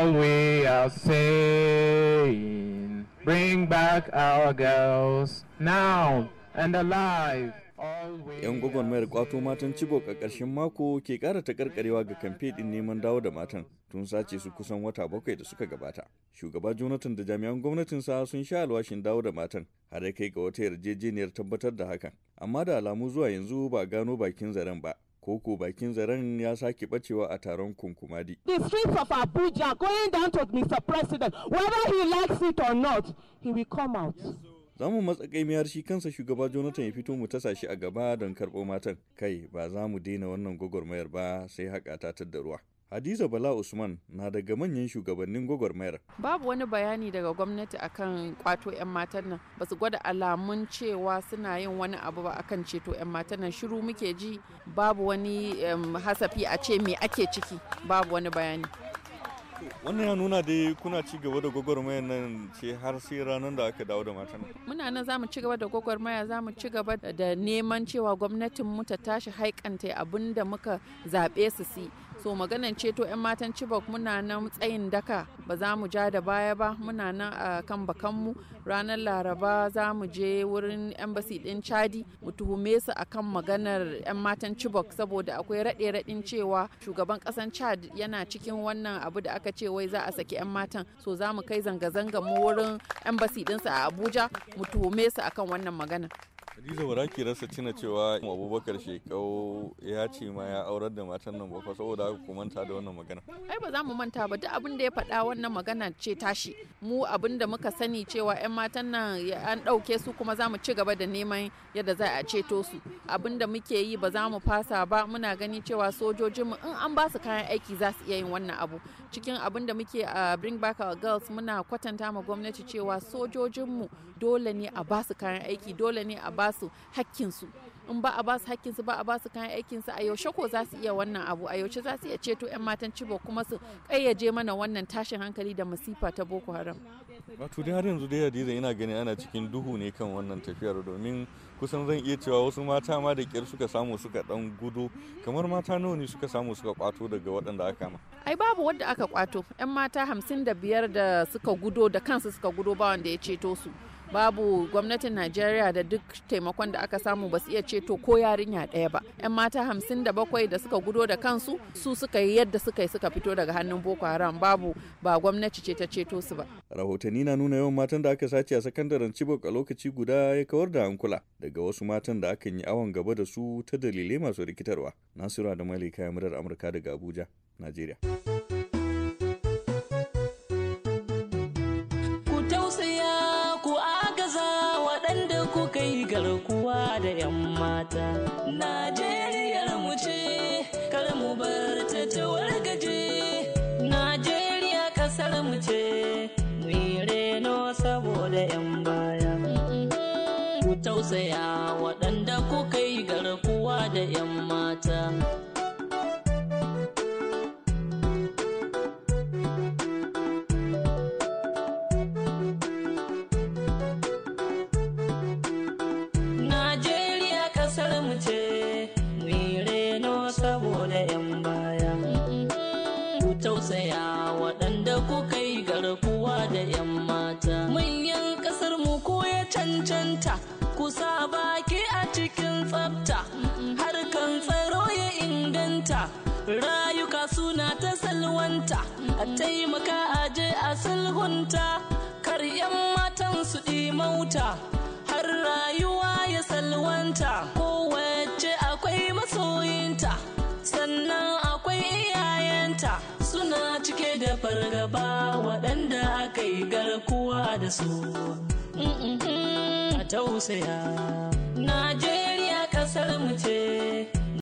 all we are saying. Bring back our girls now and alive. 'Yan kwato matan Chibok a ƙarshen mako ke ƙara ƙarƙarewa ga kamfe ɗin neman dawo da matan tun sace su kusan wata bakwai da suka gabata. Shugaba Jonathan da jami'an gwamnatin gwamnatinsa sun sha alwashin dawo da matan har ya kai ga wata yarjejeniyar tabbatar da hakan. Amma da alamu zuwa yanzu ba gano bakin zaren ba. koko bakin zaren ya sake bacewa a taron kunkumadi. The streets of Abuja going down to Mr. President, whether he likes it or not, he will come out. Za mu matsakaimiyar shi kansa shugaba Jonathan ya fito mu tasa shi a gaba don karɓo matan. Kai, ba za mu daina wannan gwagwarmayar ba sai haƙa ta da ruwa. Hadiza Bala Usman na daga manyan shugabannin gwagwarmayar. Babu wani bayani daga gwamnati akan kwato 'yan matan nan ba su gwada alamun cewa suna yin wani abu ba akan ceto 'yan matan nan shiru muke ji babu wani hasafi a ce me ake ciki babu wani bayani. wannan ya nuna dai kuna ci gaba da gwagwarmaya nan ce har sai ranar da aka dawo da matan muna nan za ci gaba da gwagwarmaya za mu ci gaba da neman cewa gwamnatin mu ta tashi haikanta abin da muka zaɓe su si so maganan ceto 'yan matan chibok muna nan tsayin daka ba za mu ja da baya ba muna nan a kan bakanmu ranar laraba za mu je wurin embassy din chadi mu tuhume su a kan maganar 'yan matan chibok saboda akwai raɗe raɗin cewa shugaban kasan chad yana cikin wannan abu da aka ce wai za a saki 'yan matan so za mu kai zanga-zanga mu wurin embassy sa a abuja mu tuhume su akan wannan magana Hadiza ba ki rasa tuna cewa Abubakar Shekau ya ce ma ya aurar da matan nan bakwai saboda haka ku manta da wannan magana. Ai ba za mu manta ba duk abin da ya faɗa wannan magana ce tashi. Mu abin da muka sani cewa 'yan matan nan an ɗauke su kuma za mu ci gaba da neman yadda za a ceto su. Abin da muke yi ba za mu fasa ba muna gani cewa mu in an ba su kayan aiki za su iya yin wannan abu. Cikin abin da muke a Bring Back Our Girls muna kwatanta ma gwamnati cewa sojojinmu dole ne a ba su kayan aiki dole ne a ba ba su in ba a basu hakkin su ba a basu kayan aikinsu a yaushe ko za su iya wannan abu a yaushe za su iya ceto 'yan matan cibo kuma su kayyaje mana wannan tashin hankali da masifa ta boko haram wato dai har yanzu dai hadiza ina gani ana cikin duhu ne kan wannan tafiyar domin kusan zan iya cewa wasu mata ma da kyar suka samu suka dan gudu kamar mata nawa ne suka samu suka kwato daga waɗanda aka ma ai babu wadda aka kwato 'yan mata hamsin da biyar da suka gudo da kansu suka gudo ba wanda ya ceto su babu gwamnatin najeriya da duk taimakon da aka samu ba su iya ceto ko yarinya ɗaya ba yan mata hamsin da bakwai da suka gudo da kansu su suka yi yadda suka yi suka fito daga hannun boko haram babu ba gwamnati ce ta ceto su ba rahotanni na nuna yawan matan da aka sace a sakandaren cibok a lokaci guda ya kawar da hankula daga wasu matan da akan yi awon gaba da su ta dalilai masu rikitarwa nasiru da malika ya murar amurka daga abuja najeriya garkuwa da 'yan mata. Najeriyar mu ce, kar mu bar ta ta wargaje. Najeriya kasar mu ce, mu yi reno saboda 'yan baya. Ku tausaya waɗanda kuka yi garkuwa da 'yan mata. tausaya waɗanda kuka yi garkuwa da 'yan mata manyan ƙasar mu ko ya cancanta kusa baki a cikin tsafta harkan tsaro ya inganta rayuka suna ta salwanta a taimaka a je a sulhunta kar 'yan matan su ɗi mauta har rayuwa ya salwanta ko kai garkuwa da su a tausaya najeriya kasar mu ce